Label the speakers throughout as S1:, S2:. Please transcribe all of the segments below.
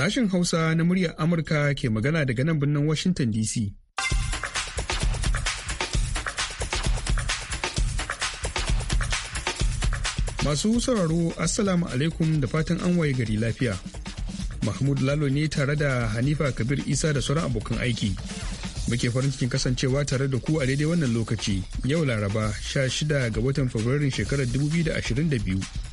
S1: Sashen Hausa na muryar Amurka ke magana daga nan birnin Washington DC. Masu sauraro Assalamu alaikum da fatan an waye gari lafiya. Mahmud Lalo ne tare da Hanifa Kabir Isa da sauran abokan aiki. Muke farin cikin kasancewa tare da ku a daidai wannan lokaci yau Laraba 16 ga watan Fabrairun shekarar 2022.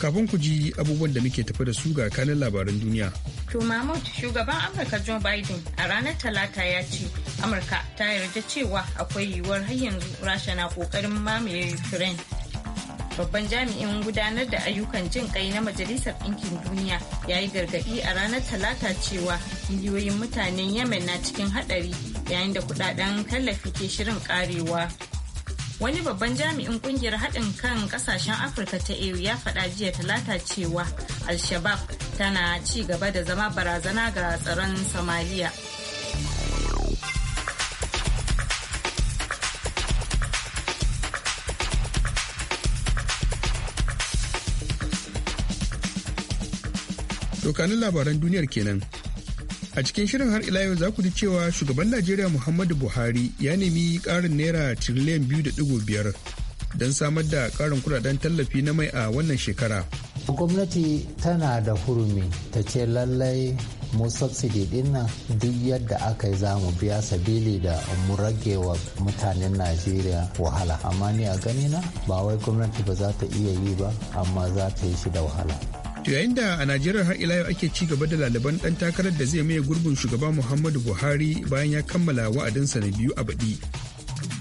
S1: kafin ku ji abubuwan da muke tafi da su ga kanin labaran duniya.
S2: To Mahmud shugaban Amurka Joe Biden a ranar Talata ya ce Amurka ta yarda cewa akwai yiwuwar har yanzu Rasha na kokarin mamaye Ukraine. Babban jami'in gudanar da ayyukan jin kai na Majalisar Ɗinkin Duniya ya yi gargaɗi a ranar Talata cewa miliyoyin mutanen Yemen na cikin haɗari yayin da kudaden tallafi ke shirin karewa. wani babban jami'in kungiyar haɗin kan ƙasashen afirka ta eu ya faɗa jiya talata cewa al-shabab tana ci gaba da zama barazana ga tsaron somaliya
S1: Dokanin labaran duniyar kenan A cikin shirin har ila yau za ku ji cewa shugaban Najeriya Muhammadu Buhari ya nemi ƙarin naira tiriliyan biyu da ɗigo biyar don samar da karin kudaden tallafi na mai a wannan shekara.
S3: Gwamnati tana da hurumi ta ce lallai mu subsidy din nan duk yadda aka yi za mu biya sabili da mu rage wa mutanen najeriya wahala amma ni a ganina ba wai gwamnati ba za ta iya yi ba amma za ta yi shi da wahala
S1: To yayin da a Najeriya har ila yau ake ci gaba da laliban dan takarar da zai maye gurbin shugaba Muhammadu Buhari bayan ya kammala wa'adinsa na biyu a baɗi.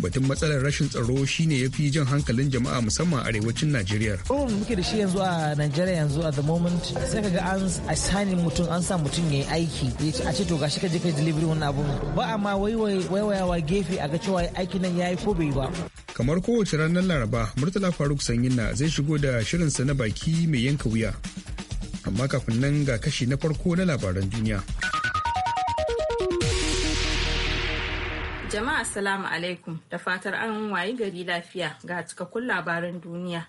S1: batun matsalar rashin tsaro shine ya fi jan hankalin jama'a musamman arewacin najeriya
S4: ruwan muke da shi yanzu a najeriya yanzu a the moment sai ka ga an asani mutum an sa mutum ya yi aiki a ce to shi ka je ka delivery wani abu ba a ma waiwayawa gefe a ga cewa aikin nan ya yi ko bai ba
S1: kamar kowace ranar laraba murtala faruk sanyin na zai shigo da shirinsa na baki mai yanka wuya amma kafin nan ga kashi na farko na labaran duniya.
S2: Jama'a salamu alaikum da fatar an wayi gari lafiya ga cikakkun labaran duniya.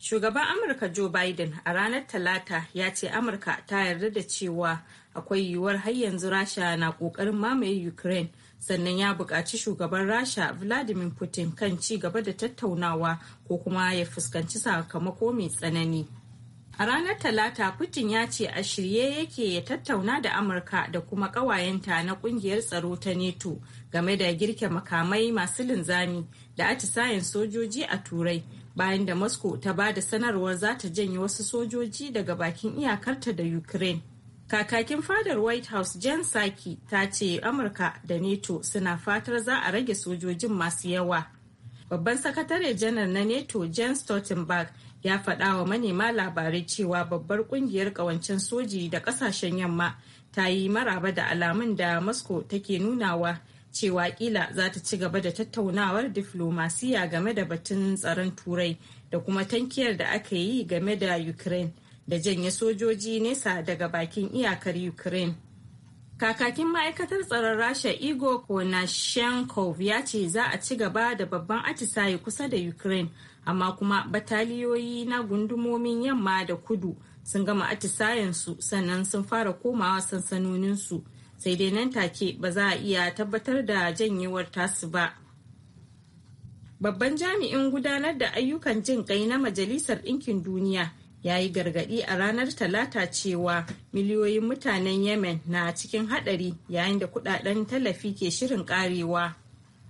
S2: Shugaban Amurka Joe Biden a ranar Talata ya ce Amurka ta yarda da cewa akwai yiwuwar har yanzu Rasha na ƙoƙarin mamaye Ukraine sannan ya buƙaci shugaban Rasha Vladimir Putin kan ci gaba da tattaunawa ko kuma ya fuskanci sakamako mai tsanani. A ranar Talata, Putin ya ce a shirye yake ya tattauna da Amurka da kuma ƙawayenta na ƙungiyar tsaro ta NATO game da girke makamai masu linzami da atisayen sojoji a Turai bayan da Moscow ta ba da sanarwar za ta janye wasu sojoji daga bakin iyakarta da Ukraine. Kakakin fadar White House Jen Psaki ta ce Amurka da NATO suna fatar za a rage sojojin masu yawa. Babban sakatare janar na NATO Jen Stoltenberg ya faɗa wa manema labarai cewa babbar kungiyar ƙawancen soji da ƙasashen yamma ta yi maraba da alamun da moscow take nunawa cewa kila za ta ci gaba da tattaunawar diflomasiya game da batun tsaron turai da kuma tankiyar da aka yi game da ukraine da janye sojoji nesa daga bakin iyakar ukraine Kakakin ma'aikatar tsaron Rasha Igor Konashenkov ya ce za a ci gaba da babban atisaye kusa da Ukraine, amma kuma bataliyoyi na gundumomin yamma da kudu sun gama atisayensu sannan sun fara komawa sansanoninsu, sai dai nan take ba za a iya tabbatar da janyewar tasu ba. Babban jami'in gudanar da ayyukan jin kai na Majalisar Ɗinkin Duniya ya yi gargadi a ranar talata cewa miliyoyin mutanen yemen na cikin hadari yayin da kudaden tallafi ke shirin karewa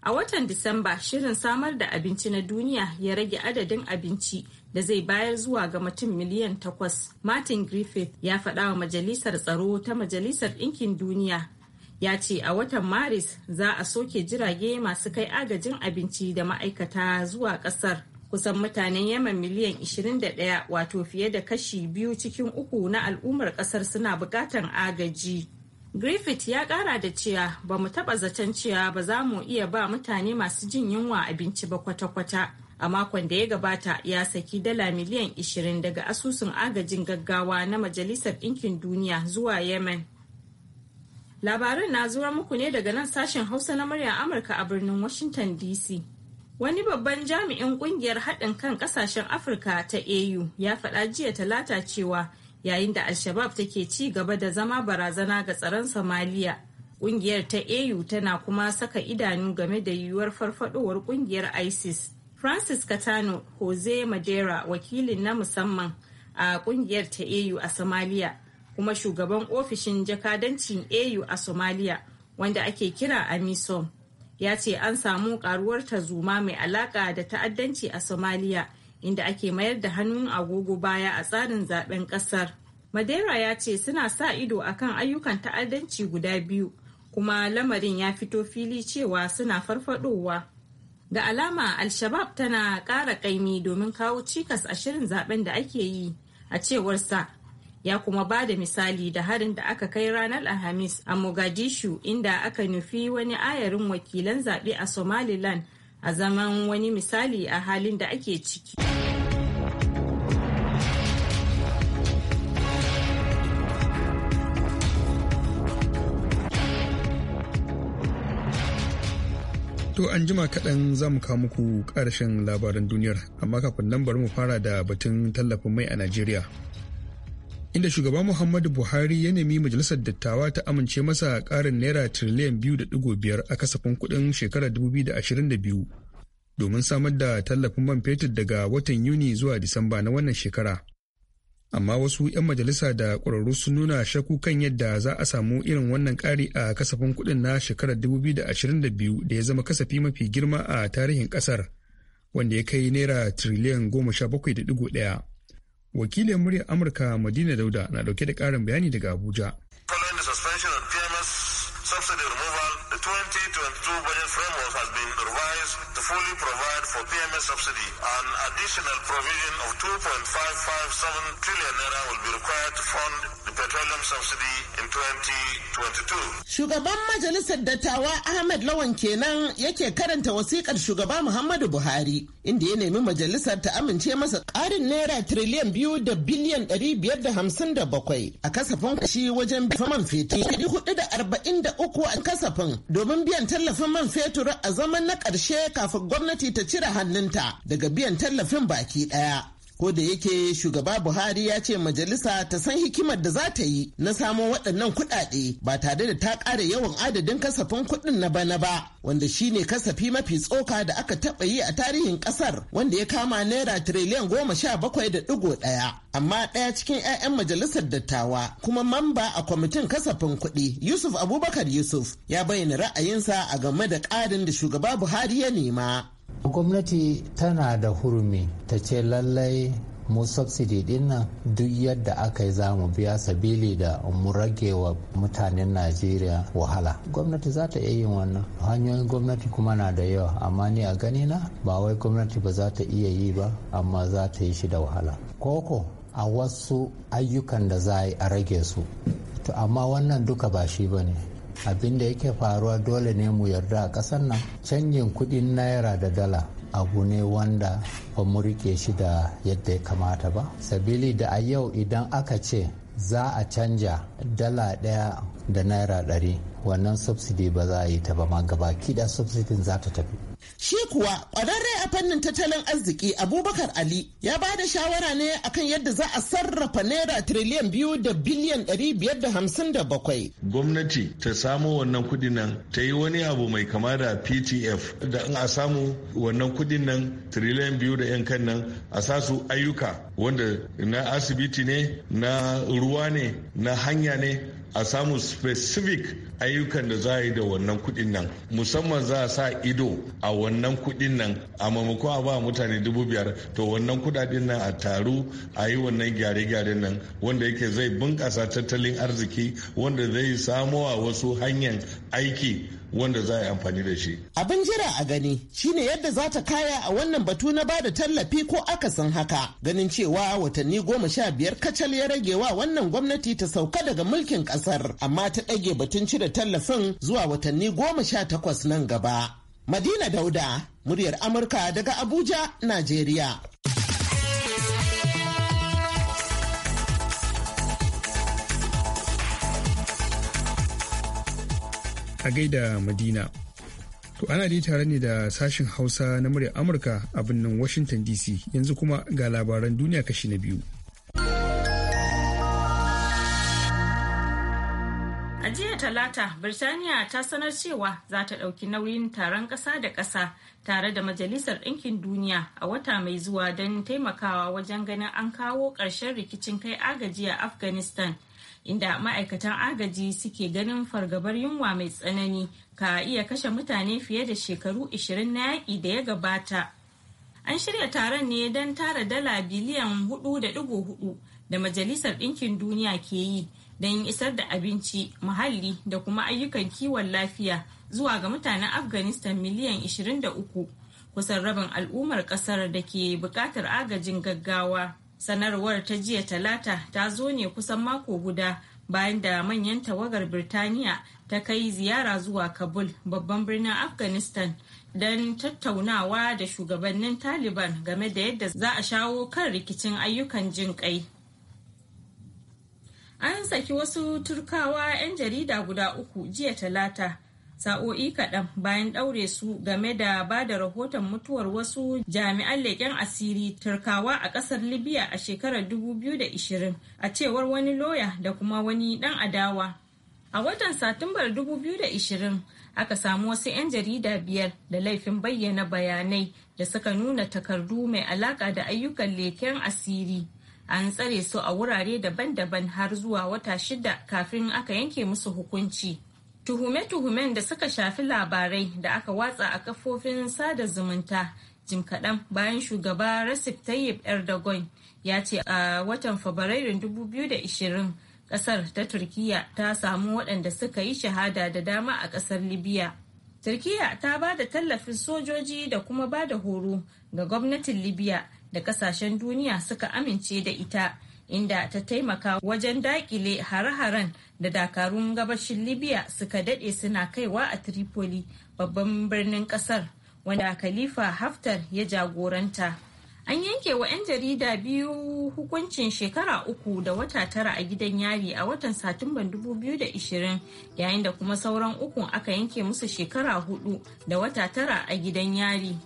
S2: a watan disamba shirin samar da abinci na duniya ya rage adadin abinci da zai bayar zuwa ga mutum miliyan takwas martin griffith ya faɗa wa majalisar tsaro ta majalisar ɗinkin duniya ya ce a watan maris za a soke jirage masu kai agajin abinci da ma'aikata zuwa ƙasar kusan mutanen yemen miliyan 21 wato fiye da kashi biyu cikin uku na al'ummar kasar suna bukatan agaji griffith ya kara da cewa ba mu taba zaton cewa ba za mu iya ba mutane masu jin yunwa abinci ba kwata-kwata a makon da ya gabata ya saki dala miliyan 20 daga asusun agajin gaggawa na majalisar ɗinkin duniya zuwa yemen labarin na zuwa muku ne daga nan sashen hausa na murya amurka a birnin washington dc Wani babban jami'in kungiyar haɗin kan ƙasashen Afirka ta AU ya faɗa jiya talata cewa yayin da al shabaab take ci gaba da zama barazana ga tsaron Somalia Kungiyar ta AU tana kuma saka idanu game da yiwuwar farfadowar kungiyar ISIS. Francis Katano, Jose Madera, wakilin na musamman a kungiyar ta AU a Somalia, kuma shugaban ofishin jakadancin AU a Somalia, wanda ake kira AMISOM. ya ce an samu karuwar tazuma mai alaka da ta'addanci a somaliya inda ake mayar da hannun agogo baya a tsarin zaben kasar Madera ya ce suna sa ido akan ayyukan ta'addanci guda biyu kuma lamarin ya fito fili cewa suna farfadowa. Da alama Al-Shabab tana ƙara ƙaimi domin kawo cikas a shirin zaben da ake yi a cewarsa ya kuma ba da misali da harin da aka kai ranar alhamis a mogadishu inda aka nufi wani ayarin wakilan zaɓe a somaliland a zaman wani misali a halin da ake ciki
S1: To an jima kaɗan za mu kawo muku ƙarshen labaran duniyar, amma kafin nan bari mu fara da batun tallafin mai a Najeriya. inda shugaban muhammadu buhari ya nemi majalisar dattawa ta amince masa karin naira tiriliyan biyu da digo biyar a kasafin kuɗin shekarar 2022 domin samar da tallafin man fetur daga watan yuni zuwa disamba na wannan shekara amma wasu 'yan majalisa da ƙwararru sun nuna shakku kan yadda za a samu irin wannan ƙari a kasafin kuɗin na shekarar 2022 da ya zama kasafi mafi girma a tarihin ƙasar wanda ya kai naira tiriliyan ɗaya. wakilin muryar amurka madina dauda na dauke da karin bayani daga abuja following
S4: subsidy. An additional provision of 2.557 trillion naira will be required to fund the petroleum subsidy in 2022. Shugaban Majalisar Dattawa Ahmed Lawan kenan yake karanta wasikar shugaba Muhammadu Buhari inda ya nemi majalisar ta amince masa ƙarin naira triliyan biyu da biliyan ɗari biyar da hamsin da bakwai a kasafin kashi wajen man fetur ɗari hudu da arba'in da uku a kasafin domin biyan tallafin man fetur a zaman na ƙarshe kafin gwamnati ta cire hannun ta daga biyan tallafin baki ɗaya. ko da yake shugaba buhari ya ce majalisa ta san hikimar da za ta yi na samo waɗannan kuɗaɗe ba tare da ta ƙara yawan adadin kasafin kuɗin na bana ba wanda shine kasafi mafi tsoka da aka taɓa yi a tarihin ƙasar wanda ya kama naira tiriliyan goma sha bakwai da ɗigo ɗaya amma ɗaya cikin 'ya'yan majalisar dattawa kuma mamba a kwamitin kasafin kuɗi yusuf abubakar yusuf ya bayyana ra'ayinsa a game da ƙarin da shugaba buhari ya nema
S3: gwamnati tana da hurumi ta ce lallai mu subsidy din duk yadda aka yi za mu biya sabili da mu rage wa mutanen najeriya wahala gwamnati za ta iya yin wannan hanyoyin gwamnati kuma na da yawa amma ni a gani na ba wai gwamnati ba za ta iya yi ba amma za ta yi shi da wahala koko a wasu ayyukan da za a rage su to amma wannan duka ba shi ba ne abin da yake faruwa dole ne mu yarda a ƙasar nan canjin kuɗin naira da dala abu ne wanda ba mu rike shi da yadda ya kamata ba sabili da a yau idan aka ce za a canja dala ɗaya da naira ɗari wannan subsidy ba za a yi ta ba ma gaba kida subsidin za ta tafi. Shi
S4: kuwa ƙwararre a fannin tattalin arziki Abubakar Ali ya ba da shawara ne akan yadda za a sarrafa naira triliyan biyu da biliyan ɗari biyar da hamsin da bakwai.
S5: Gwamnati ta samo wannan kuɗin nan ta yi wani abu mai kama da PTF da in a samu wannan kuɗin nan triliyan biyu da 'yan kan nan a sa su ayyuka wanda na asibiti ne na ruwa ne na hanya ne a samu specific ayyukan da za a yi da wannan kuɗin nan musamman za a sa ido a wannan kuɗin nan a maimakon a ba mutane dubu biyar to wannan kuɗaɗen nan a taru a yi wannan gyare-gyaren nan wanda yake zai bunkasa tattalin arziki wanda zai samo a wasu hanyar aiki wanda za a yi amfani da shi.
S4: Abin jira a gani shine yadda za ta kaya a wannan batu na bada tallafi ko akasin haka ganin cewa watanni goma sha biyar kacal ya rage wa wannan gwamnati ta sauka daga mulkin kasar amma ta ɗage batun cire tallafin zuwa watanni goma sha takwas nan gaba. Madina Dauda, muryar Amurka daga Abuja, Najeriya.
S1: a gaida madina to ana dai tare ne da sashen hausa na murya amurka a birnin washington dc yanzu kuma ga labaran duniya kashi na biyu
S2: a jiya talata birtaniya ta sanar cewa za ta ɗauki nauyin taron ƙasa da ƙasa tare da majalisar ɗinkin duniya a wata mai zuwa don taimakawa wajen ganin an kawo ƙarshen rikicin kai agaji a afghanistan inda ma'aikatan agaji suke ganin fargabar yunwa mai tsanani ka iya kashe mutane fiye da shekaru 20 na yaƙi da ya gabata. An shirya taron ne don tara dala biliyan 4.4 da Majalisar Ɗinkin Duniya ke yi don isar da abinci, muhalli da kuma ayyukan kiwon lafiya zuwa ga mutanen Afghanistan miliyan 23, kusan rabin al'ummar ƙasar da ke buƙatar agajin gaggawa. sanarwar ta jiya talata ta zo ne kusan mako guda bayan da manyan tawagar birtaniya ta kai ziyara zuwa kabul babban birnin afghanistan don tattaunawa da shugabannin taliban game da yadda za a shawo kan rikicin ayyukan jin kai an saki wasu turkawa 'yan jarida guda uku jiya talata sa'o'i kaɗan bayan ɗaure su game da ba da rahoton mutuwar wasu jami'an leƙen asiri turkawa a ƙasar libya a shekarar 2020 a cewar wani loya da kuma wani ɗan adawa a watan satumbar 2020 aka samu wasu 'yan jarida biyar da laifin bayyana bayanai da suka nuna takardu mai alaƙa da ayyukan leƙen asiri an tsare su a wurare daban-daban har zuwa wata shida kafin aka yanke musu hukunci. tuhume-tuhumen da suka shafi labarai da aka watsa a kafofin sada zumunta jim kaɗan bayan shugaba Recep Tayyip Erdogan ya ce a watan Fabrairun 2020 ƙasar ta Turkiyya ta samu waɗanda suka yi shahada da dama a ƙasar Libya. Turkiyya ta ba da tallafin sojoji da kuma ba da horo ga gwamnatin Libya da ƙasashen duniya suka amince da ita inda ta taimaka wajen dakile hare-haren da dakarun gabashin libya suka dade suna kaiwa a tripoli babban birnin kasar wanda khalifa haftar ya jagoranta an yanke wa 'yan jarida biyu hukuncin shekara uku da wata tara a gidan yari a watan satumban 2020 yayin da kuma sauran uku aka yanke musu shekara hudu da wata tara a gidan yari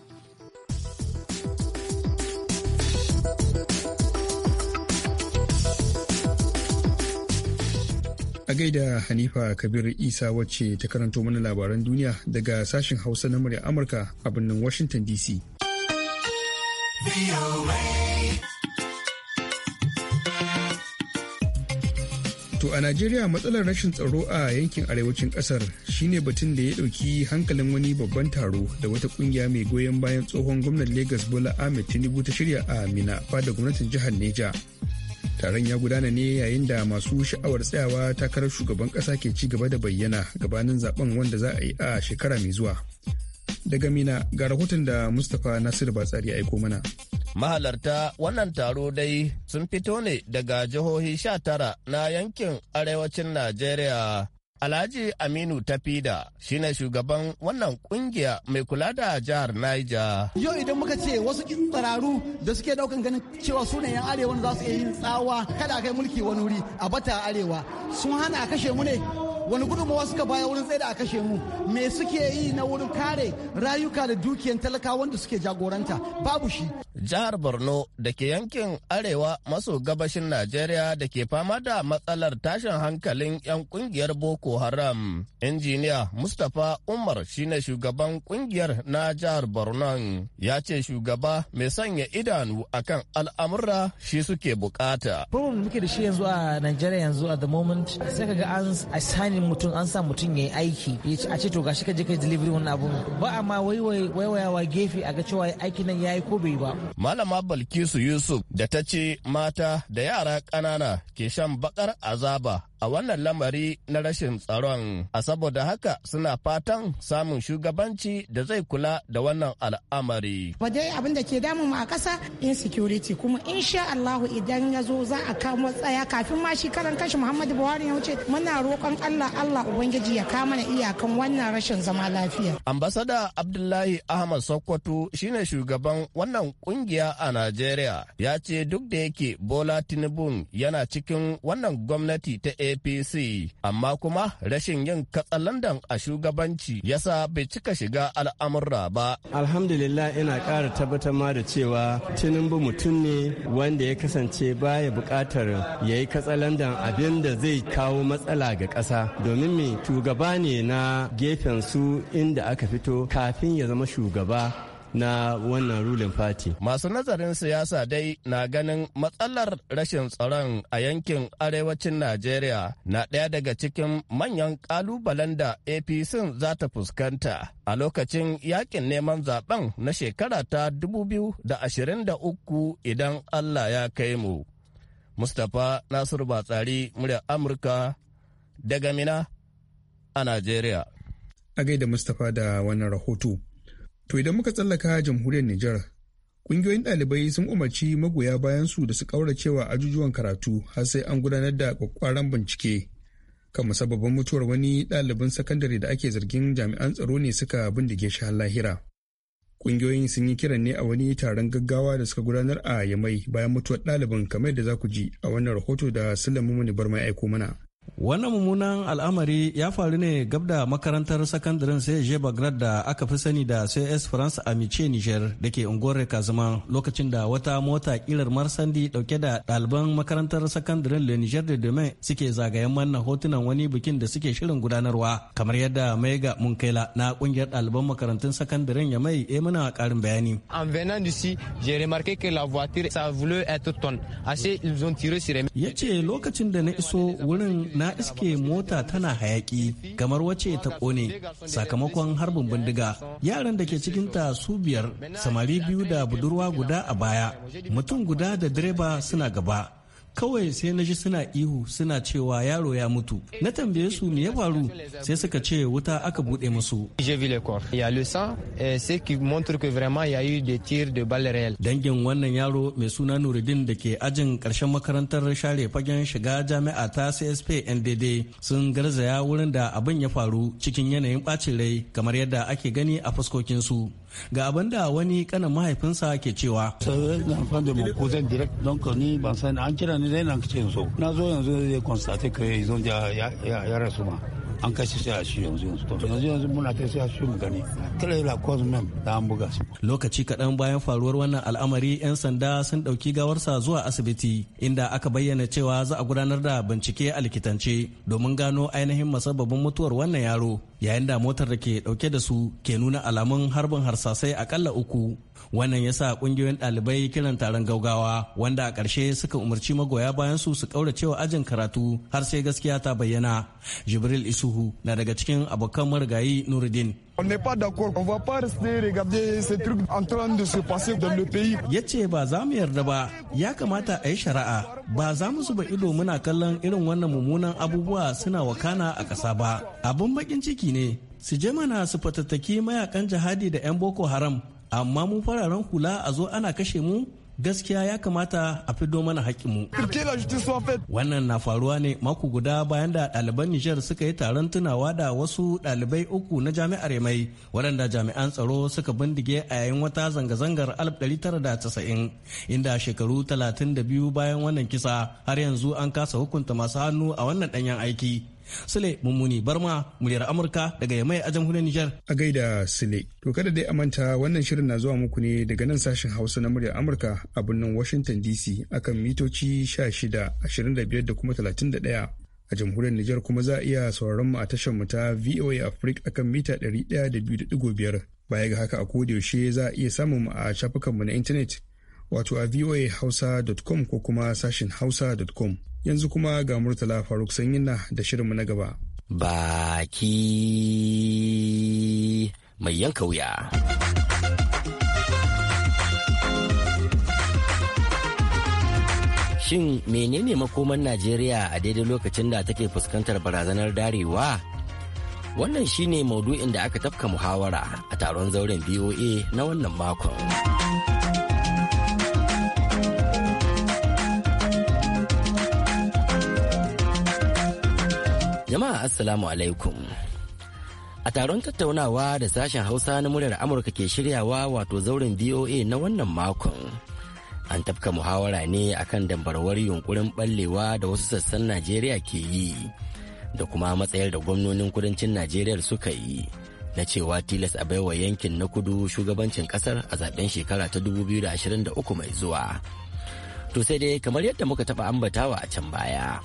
S1: A gaida Hanifa Kabir Isa wacce ta karanto mana labaran duniya daga sashen Hausa na murya Amurka a birnin Washington DC. To a Najeriya matsalar rashin tsaro a yankin arewacin kasar shine batun da ya dauki hankalin wani babban taro da wata kungiya mai goyon bayan tsohon gwamnan Legas Bola Ahmed Tinubu ta shirya a Mina da gwamnatin jihar Neja. taron ya gudana ne yayin da masu sha'awar tsayawa takarar shugaban kasa ke ci gaba da bayyana gabanin zaben wanda za a yi a shekara mai zuwa daga mina ga rahoton da mustapha nasir nasiru batsari aiko mana
S6: mahalarta wannan taro dai sun fito ne daga jihohi sha tara na yankin arewacin najeriya Alhaji Aminu Tafida shine shugaban wannan kungiya mai kula da jihar Niger.
S4: Yau idan muka ce wasu tsararu da suke daukan ganin cewa su 'yan arewa za su iya yin tsawa kada kai mulki wani wuri a bata arewa sun hana kashe mu ne wani gudunmawa suka baya wurin tsaye da a kashe mu me suke yi na wurin kare rayuka da dukiyan talaka wanda suke jagoranta babu shi
S6: jihar borno da ke yankin arewa maso gabashin najeriya da ke fama da matsalar tashin hankalin 'yan kungiyar boko haram injiniya mustapha umar shine shugaban kungiyar na jihar borno ya ce shugaba mai sanya idanu akan al'amura shi suke bukata
S4: problem muke da shi yanzu a najeriya yanzu at the moment sai ga an assign in mutum an sa mutum ya yi aiki ya ce a ce to gashi ka je kai delivery wannan abun ba a ma waiwayawa gefe a ga cewa aiki nan ya yi ko bai ba.
S6: Malama Balkisu Yusuf da ta ce mata da yara ƙanana ke shan bakar azaba a wannan lamari na rashin tsaron a saboda haka suna fatan samun shugabanci da zai kula da wannan al'amari.
S2: dai abin da ke damu a ƙasa insecurity kuma insha Allahu idan ya zo za a kawo matsaya kafin ma shi karan kashi Muhammadu Buhari ya wuce muna roƙon Allah Allah Ubangiji ya kama na iyakan wannan rashin zama lafiya.
S6: Ambasada Abdullahi Ahmad Sokoto shine shugaban wannan kungiya a Najeriya ya ce duk da yake Bola Tinubu yana cikin wannan gwamnati ta apc amma kuma rashin yin katsalandan a shugabanci yasa bai cika shiga al'amurra ba
S5: alhamdulillah ina ƙara tabbatar ma da cewa tinubu mutum ne wanda ya kasance baya buƙatar ya yi katsalandan abin da zai kawo matsala ga ƙasa domin mai shugaba ne na gefen su inda aka fito kafin ya zama shugaba na wannan ruling party. Masu nazarin siyasa dai na ganin matsalar
S6: rashin tsaron a yankin arewacin Najeriya na ɗaya daga cikin manyan ƙalubalen da APC za ta fuskanta a lokacin yakin neman zaben na shekara ta 2023 idan Allah ya kai mu. Mustapha Nasiru Batsari, murya Amurka daga Mina
S1: a Najeriya. A gaida Mustapha da wannan rahoto. To idan muka tsallaka jamhuriyar Nijar, kungiyoyin ɗalibai sun umarci magoya bayan su da su cewa ajujuwan karatu har sai an gudanar da ƙwaƙƙwaran bincike. Kan musabbabin mutuwar wani ɗalibin sakandare da ake zargin jami'an tsaro ne suka bindige shi har lahira. Kungiyoyin sun yi kiran ne a wani taron gaggawa da suka gudanar a Yamai bayan mutuwar ɗalibin kamar da za ku ji a wannan rahoto da Sulaimu Muni Barma ya aiko mana. Wannan mummunan al'amari ya faru
S5: ne gab da makarantar sakandaren sai je Bagdad da aka fi sani da CS France Amice Niger da ke unguwar Kazuman lokacin da wata mota kilar Marsandi dauke da ɗaliban makarantar sakandaren Le Niger de Demain suke zagayen manna hotunan wani bikin da suke shirin gudanarwa kamar yadda Maiga Munkaila na kungiyar ɗaliban makarantun sakandaren ya mai e mana karin bayani.
S3: En venant d'ici, j'ai remarqué que la voiture ça voulait être ton. Assez ils
S6: ont
S5: tiré sur Yace lokacin da na iso wurin na iske mota tana hayaki kamar wace ta kone sakamakon harbin bindiga yaran da ke cikinta su biyar samari biyu da budurwa guda a baya mutum guda da direba suna gaba kawai sai na ji suna ihu suna cewa yaro ya mutu na tambaye su me ya faru sai suka ce wuta aka bude musu dangin wannan yaro mai suna nuruddin da ke ajin karshen makarantar share fagen shiga jami'a ta csp ndd sun garzaya wurin da abin ya faru cikin yanayin bacin rai kamar yadda ake gani a fuskokinsu ga abin da wani kanan mahaifinsa ke cewa
S7: an kashe shi a shi yanzu yanzu to yanzu yanzu muna ta shi a shi gani kala yi mem da an buga su.
S5: lokaci kaɗan bayan faruwar wannan al'amari yan sanda sun ɗauki gawarsa zuwa asibiti inda aka bayyana cewa za a gudanar da bincike a likitance domin gano ainihin masababin mutuwar wannan yaro yayin da motar da ke dauke da su ke nuna alamun harbin harsasai akalla uku wannan yasa sa kungiyoyin dalibai kiran taron gaugawa wanda a ƙarshe suka umarci magoya bayan su su kauracewa ajin karatu har sai gaskiya ta bayyana jibril isuhu na daga cikin abokan marigayi nuruddin
S1: On n'est pas d'accord. On va pas rester regarder ces trucs
S5: en train de se passer dans le pays. Ya ce ba za mu yarda ba, ya kamata a yi shari'a. Ba za mu zuba ido muna kallon irin wannan mummunan abubuwa suna wakana a ƙasa ba. abun bakin ciki ne. Su je mana su fatattaki mayakan jihadi da 'yan Boko Haram. Amma mu fararen hula a zo ana kashe mu gaskiya ya kamata a fido mana haƙƙinmu. Wannan na faruwa ne mako guda bayan da ɗaliban Nijar suka yi taron tunawa da wasu ɗalibai uku na jami'ar Yamai waɗanda jami'an tsaro suka bindige a yayin wata zanga-zangar 1990 inda shekaru 32 bayan wannan kisa har yanzu an kasa hukunta masu hannu a wannan ɗanyen aiki. Sule Mummuni Barma
S1: muryar Amurka daga Yamai a jamhuriyar Nijar. A gaida Sule. To kada dai manta wannan shirin na zuwa muku ne daga nan sashen Hausa na muryar Amurka a birnin Washington DC akan mitoci 16, ashirin da kuma 31. A jamhuriyar Nijar kuma za a iya sauraron mu a tashar mu ta VOA Africa akan mita ɗari da 102.5. Baya ga haka a yaushe za a iya samun mu a shafukanmu na intanet wato a voahausa.com ko kuma sashin hausa.com. yanzu kuma ga murtala faruk sanyina da shirinmu na gaba
S8: baki mai yanka wuya shin menene makoman najeriya a daidai lokacin da take fuskantar barazanar darewa wannan shine maudu'in da aka tafka muhawara a taron zauren boa na wannan makon Jama'a Assalamu alaikum. A taron tattaunawa da sashen Hausa na muryar Amurka ke shiryawa wato zauren BOA na wannan makon. An tafka muhawara ne akan dambarwar yunkurin ballewa da wasu sassan Najeriya ke yi da kuma matsayar da gwamnonin kudancin Najeriya suka yi na cewa tilas a baiwa yankin na kudu shugabancin kasar a zaben shekara ta 2023 mai zuwa. To sai dai kamar yadda muka taɓa ambatawa a can baya.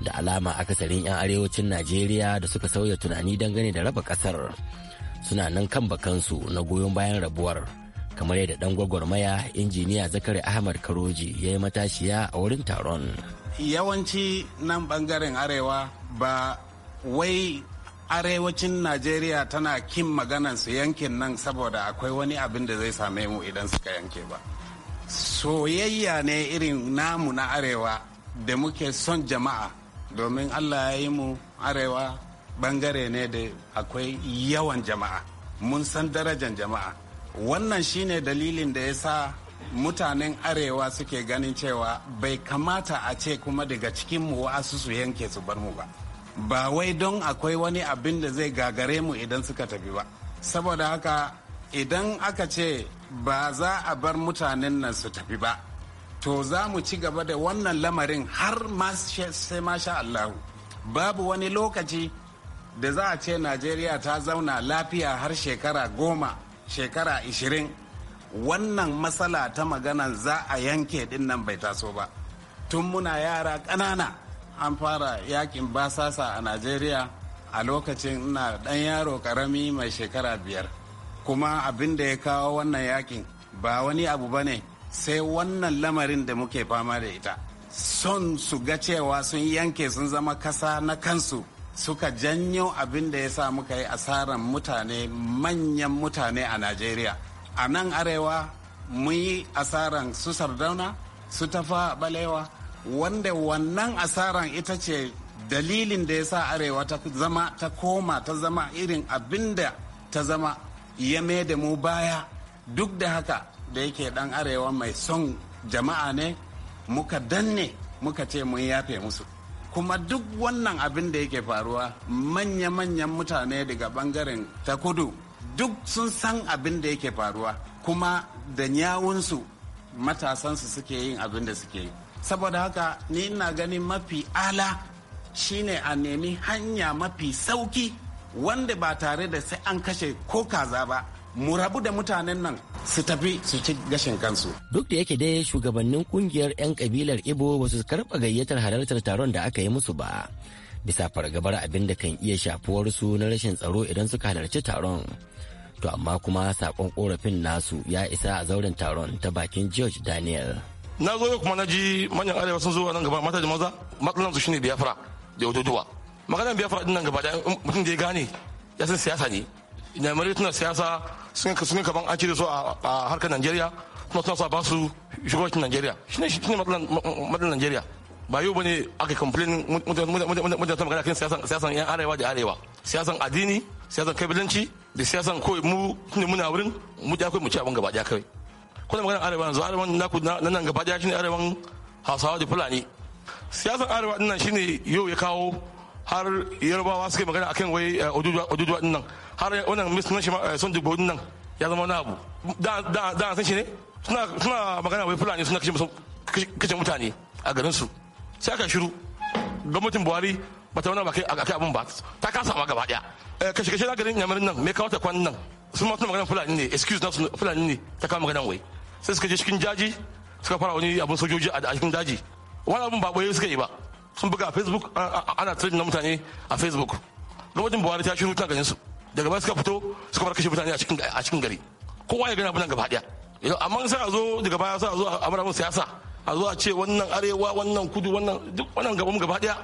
S8: da alama akasarin 'yan arewacin najeriya da suka sauya tunani dangane da raba kasar suna nan kan bakansu na goyon bayan rabuwar kamar yadda dan gwagwarmaya injiniya zakari ahmad karoji ya yi matashiya a wurin taron
S7: yawanci nan bangaren arewa ba wai arewacin najeriya tana kin maganansu yankin nan saboda akwai wani abin da zai same mu idan suka yanke ba soyayya ne irin namu na arewa da muke son jama'a domin allah ya yi mu arewa bangare ne da akwai yawan jama'a mun san darajan jama'a wannan shine dalilin da ya sa mutanen arewa suke ganin cewa bai kamata a ce kuma daga cikinmu wasu su yanke su bar mu ba ba wai don akwai wani abin da zai gagare mu idan suka tafi ba saboda haka idan aka ce ba za a bar mutanen nan su tafi ba to za mu ci gaba da wannan lamarin har sai masha Allahu babu wani lokaci da za a ce najeriya ta zauna lafiya har shekara goma shekara ishirin wannan matsala ta magana za a yanke din nan bai taso ba tun muna yara ƙanana an fara yakin basasa a najeriya a lokacin na ɗan yaro ƙarami mai shekara biyar kuma abin da ya kawo wannan yakin ba wani abu ba ne sai wannan lamarin da muke fama da ita son su ga cewa sun yanke sun zama kasa na kansu suka janyo abin da ya sa muka yi asaran mutane manyan mutane a najeriya a nan arewa mun yi asaran su sardauna su tafa balewa wanda wannan asaran ita ce dalilin da ya sa arewa ta zama ta koma ta zama irin abin da ta zama ya da mu baya duk da haka da yake dan arewa mai son jama'a ne muka danne muka ce mun yafe musu kuma duk wannan abin da yake faruwa manya-manyan mutane daga bangaren ta kudu duk sun san abin da yake faruwa kuma da yawunsu matasansu suke yin abin da suke yi saboda haka ni ina gani mafi ala shine a nemi hanya mafi sauki wanda ba tare da sai an kashe ko kaza ba mu rabu da mutanen nan su tafi su ci gashin kansu.
S8: Duk da yake dai shugabannin kungiyar 'yan kabilar Ibo ba su karɓa gayyatar halartar taron da aka yi musu ba. Bisa fargabar abin da kan iya shafuwar su na rashin tsaro idan suka halarci taron. To amma kuma sakon korafin nasu ya isa a zauren taron ta bakin George Daniel.
S9: Na zo kuma na ji manyan arewa sun zo nan gaba mata da maza matsalan su shine biyafra da yototuwa. Maganan biyafra din nan gaba da mutum da ya gane ya san siyasa ne. inyamurai suna siyasa sun sun kaman an su a harkar najeriya kuma suna sa ba su shugabancin najeriya shine shine matsalar najeriya ba yau bane aka complain mutane ta magana kan siyasan yan arewa da arewa siyasan addini siyasan kabilanci da siyasan kawai mu ne muna wurin mu da akwai mu ci abin gaba daya kawai kuna magana arewa yanzu arewa naku na nan gaba daya ne arewan hausawa da fulani siyasan arewa din nan shine yau ya kawo har yarbawa suke magana akan wai ojujuwa din nan har wannan sunan shi eh, sun dubbo nan ya zama wani abu da an san shi ne suna magana wai fulani suna kashe mutane a garin su sai aka shiru gwamnatin buhari ba ta wani ba kai abin ba ta kasa ma gaba daya eh, kashe kashe na garin yamarin nan me kawo ta kwanan nan sun ma suna magana fulani ne excuse na fulani ne ta kawo magana wai sai suka je cikin daji suka fara wani abin sojoji a cikin daji wani abin ba boye suka yi ba sun buga a facebook ana trade na mutane a facebook gwamnatin buhari ta shiru ta ganin su daga baya suka fito suka fara kashe mutane a cikin gari kowa ya gani abin gaba daya amma sai a zo daga baya sai a zo a mara siyasa a zo a ce wannan arewa wannan kudu wannan duk wannan gaban gaba daya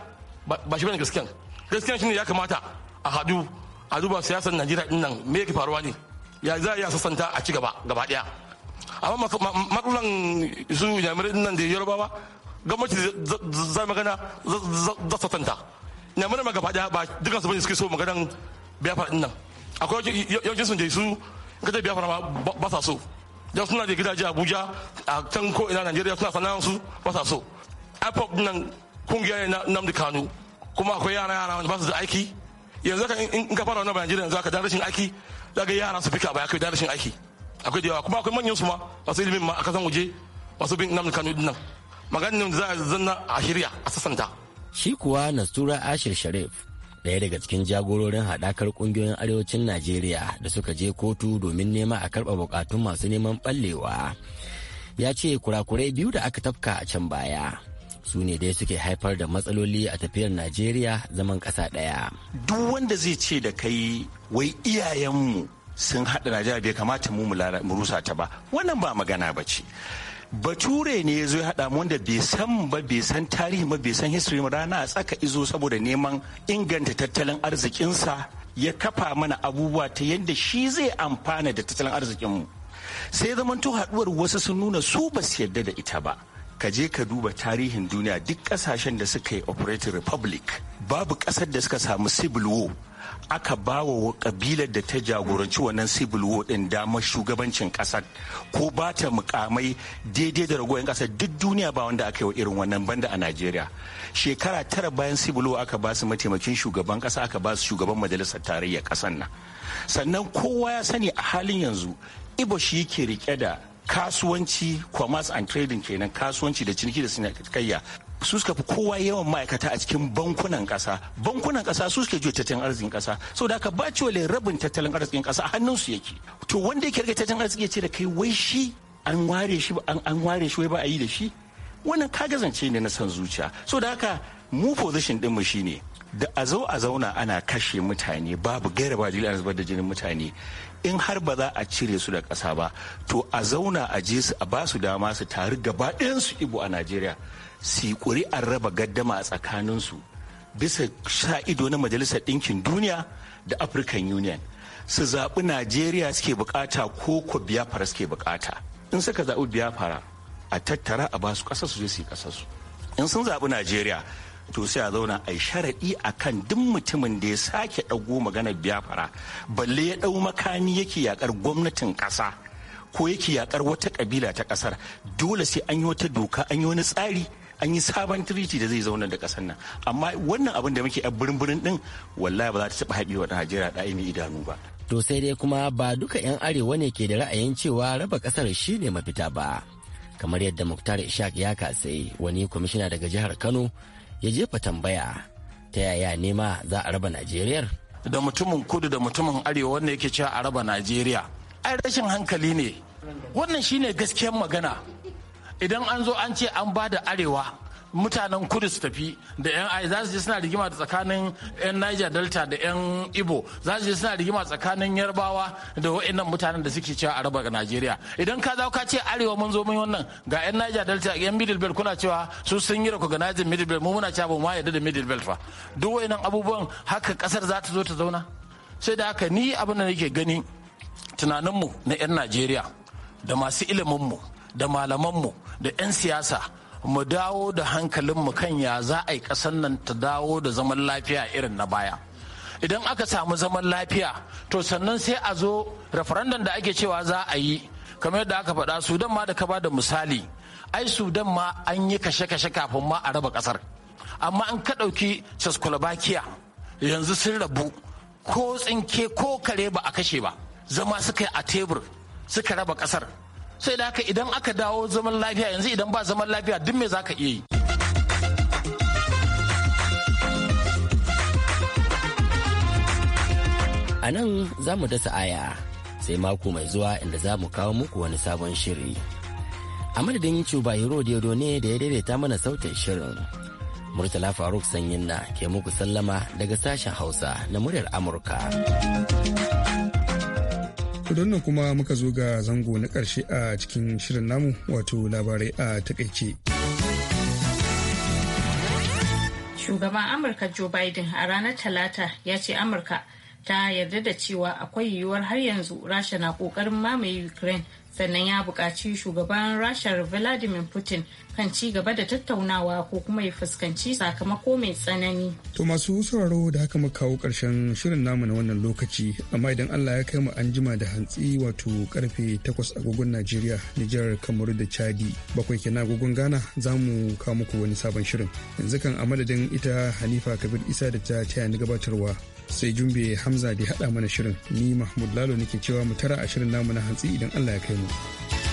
S9: ba shi bane gaskiyan gaskiyan shine ya kamata a hadu a duba siyasar Najeriya din nan me yake faruwa ne ya za ya sassanta a ci gaba gaba daya amma matsalan su yamirai din nan da ga gwamnati za magana za sassanta yamirai ma gaba daya ba dukansu bane suke so maganan biafra din nan akwai yawancin sun su in ka ta biya ma ba sa so don suna da gidaje abuja a can ko ina najeriya suna sana'ar su ba sa so ipop nan kungiya ne na kanu kuma akwai yara yara wanda ba su da aiki yanzu ka in ka fara wannan bayan yanzu ka da rashin aiki za ka yara su fika baya kai da rashin aiki akwai da yawa kuma akwai manyan su ma masu ilimin ma a kasan waje masu bin namdi kanu nan maganin da za a zanna a shirya a sassanta
S8: shi kuwa nasura ashir sharif ɗaya daga cikin jagororin haɗakar ƙungiyoyin arewacin najeriya da suka je kotu domin nema a karɓa buƙatun masu neman ɓallewa ya ce kurakurai biyu da aka tafka a can baya su ne dai suke haifar da matsaloli a tafiyar najeriya zaman ƙasa ɗaya
S10: duk wanda zai ce da kai wai iyayenmu sun haɗa najeriya bai kamata mu mu rusa ta ba wannan ba magana ba ce bature ne ya zo ya haɗa wanda bai san ba bai san tarihi ba bai san history ba rana a tsaka izo saboda neman inganta tattalin arzikinsa ya kafa mana abubuwa ta yadda shi zai amfana da tattalin arzikinmu sai zamanto haɗuwar wasu sun nuna su ba su yarda da ita ba ka je ka duba tarihin duniya duk ƙasashen da suka yi operating republic babu ƙasar da suka samu civil war aka ba wa kabilar da ta jagoranci wannan civil war din damar shugabancin kasar ko ba ta mukamai daidai da ragowar kasar duk duniya ba wanda aka yi wa irin wannan banda a najeriya shekara tara bayan civil war aka ba su mataimakin shugaban kasa aka ba su shugaban majalisar tarayya kasar nan sannan kowa ya sani a halin yanzu ibo shi yake rike da kasuwanci commerce and trading kenan kasuwanci da ciniki da sinikayya su suka fi kowa yawan ma'aikata a cikin bankunan kasa bankunan kasa su suke juya tattalin arzikin kasa sau da aka ba rabin tattalin arzikin kasa a hannun su yake to wanda yake rage tattalin arziki ce da kai wai shi an ware shi an ware shi wai ba a yi da shi wannan kagazance ne na san zuciya so da haka mu position din mu shine da a zo a zauna ana kashe mutane babu gaira ba dalilin zubar da jinin mutane in har ba za a cire su da kasa ba to a zauna a je su a ba su dama su taru gaba ɗayan su ibo a najeriya su yi ƙuri'ar raba gaddama a tsakaninsu bisa sa ido na majalisar ɗinkin duniya da african union su zaɓi najeriya suke bukata ko ko biyafara suke bukata in suka zaɓi biyafara a tattara a basu ƙasa su je su yi ƙasa su in sun zaɓi najeriya to sai a zauna a yi sharaɗi a kan duk mutumin da ya sake ɗago maganar biyafara balle ya ɗau makami yake yaƙar gwamnatin ƙasa ko yake yakar wata ƙabila ta ƙasar dole sai an yi wata doka an yi wani tsari an yi sabon tiriti da zai zauna da kasar nan amma wannan abin da muke yan birin din wallahi ba za ta taɓa wa da
S8: najeriya da mai idanu ba to sai dai kuma ba duka 'yan arewa ne ke da ra'ayin cewa raba ƙasar shine mafita ba kamar yadda muktar ishaq ya kasai, wani kwamishina daga jihar kano ya jefa tambaya ta yaya nema za a raba najeriyar da mutumin
S11: kudu da mutumin arewa wanda yake cewa a raba najeriya ai rashin hankali ne wannan shine gaskiyar magana idan an zo an ce an ba da arewa mutanen kudu su tafi da yan ai za su je suna rigima tsakanin yan niger delta da yan ibo za su je suna rigima tsakanin yarbawa da wa'annan mutanen da suke cewa araba ga najeriya idan ka zo ka ce arewa mun zo mun wannan ga yan niger delta yan middle belt kuna cewa su sun yi recognizing middle belt mu muna cewa ba mu yarda da middle belt fa duk wa'annan abubuwan haka kasar za ta zo ta zauna sai da haka ni abin da nake gani tunaninmu na yan najeriya da masu iliminmu da malamanmu da 'yan siyasa mu dawo da hankalin mu kan ya za a yi ƙasar nan ta dawo da zaman lafiya irin na baya idan aka samu zaman lafiya to sannan sai a zo referendum da ake cewa za a yi kamar yadda aka faɗa sudan ma da ka ba da misali ai sudan ma an yi kashe-kashe kafin ma a raba ƙasar amma an ka ɗauki Czechoslovakia yanzu sun rabu ko tsinke ko kare ba a kashe ba zama suka yi a tebur suka raba ƙasar sai da haka idan aka dawo zaman lafiya yanzu idan ba zaman lafiya duk me ka iya yi
S8: a nan za mu dasa aya sai mako mai zuwa inda za mu kawo muku wani sabon shiri a madadin cubayiro diodo ne da ya daidaita mana sautin shirin murtala faruk sanyin na ke muku sallama daga sashen hausa na muryar amurka
S1: don nan kuma muka zo ga zango na ƙarshe a cikin shirin namu wato labarai a takaice.
S2: Shugaban Amurka Joe Biden a ranar Talata ya ce Amurka ta yarda da cewa akwai yiwuwar har yanzu Rasha na ƙoƙarin mamaye Ukraine sannan ya buƙaci shugaban rashar Vladimir Putin kan ci gaba da tattaunawa ko kuma ya fuskanci sakamako mai tsanani.
S1: To masu sauraro da haka muka kawo ƙarshen shirin namu na wannan lokaci amma idan Allah ya kai mu an jima da hantsi wato karfe 8 agogon Najeriya, Nijar, Kamaru da Chadi bakwai kenan agogon Ghana za mu kawo muku wani sabon shirin. Yanzu kan a madadin ita Hanifa Kabir Isa da ta taya ni gabatarwa sai Jumbe Hamza da hada mana shirin ni Mahmud Lalo nake cewa mu tara a shirin namu na hantsi idan Allah ya kai mu.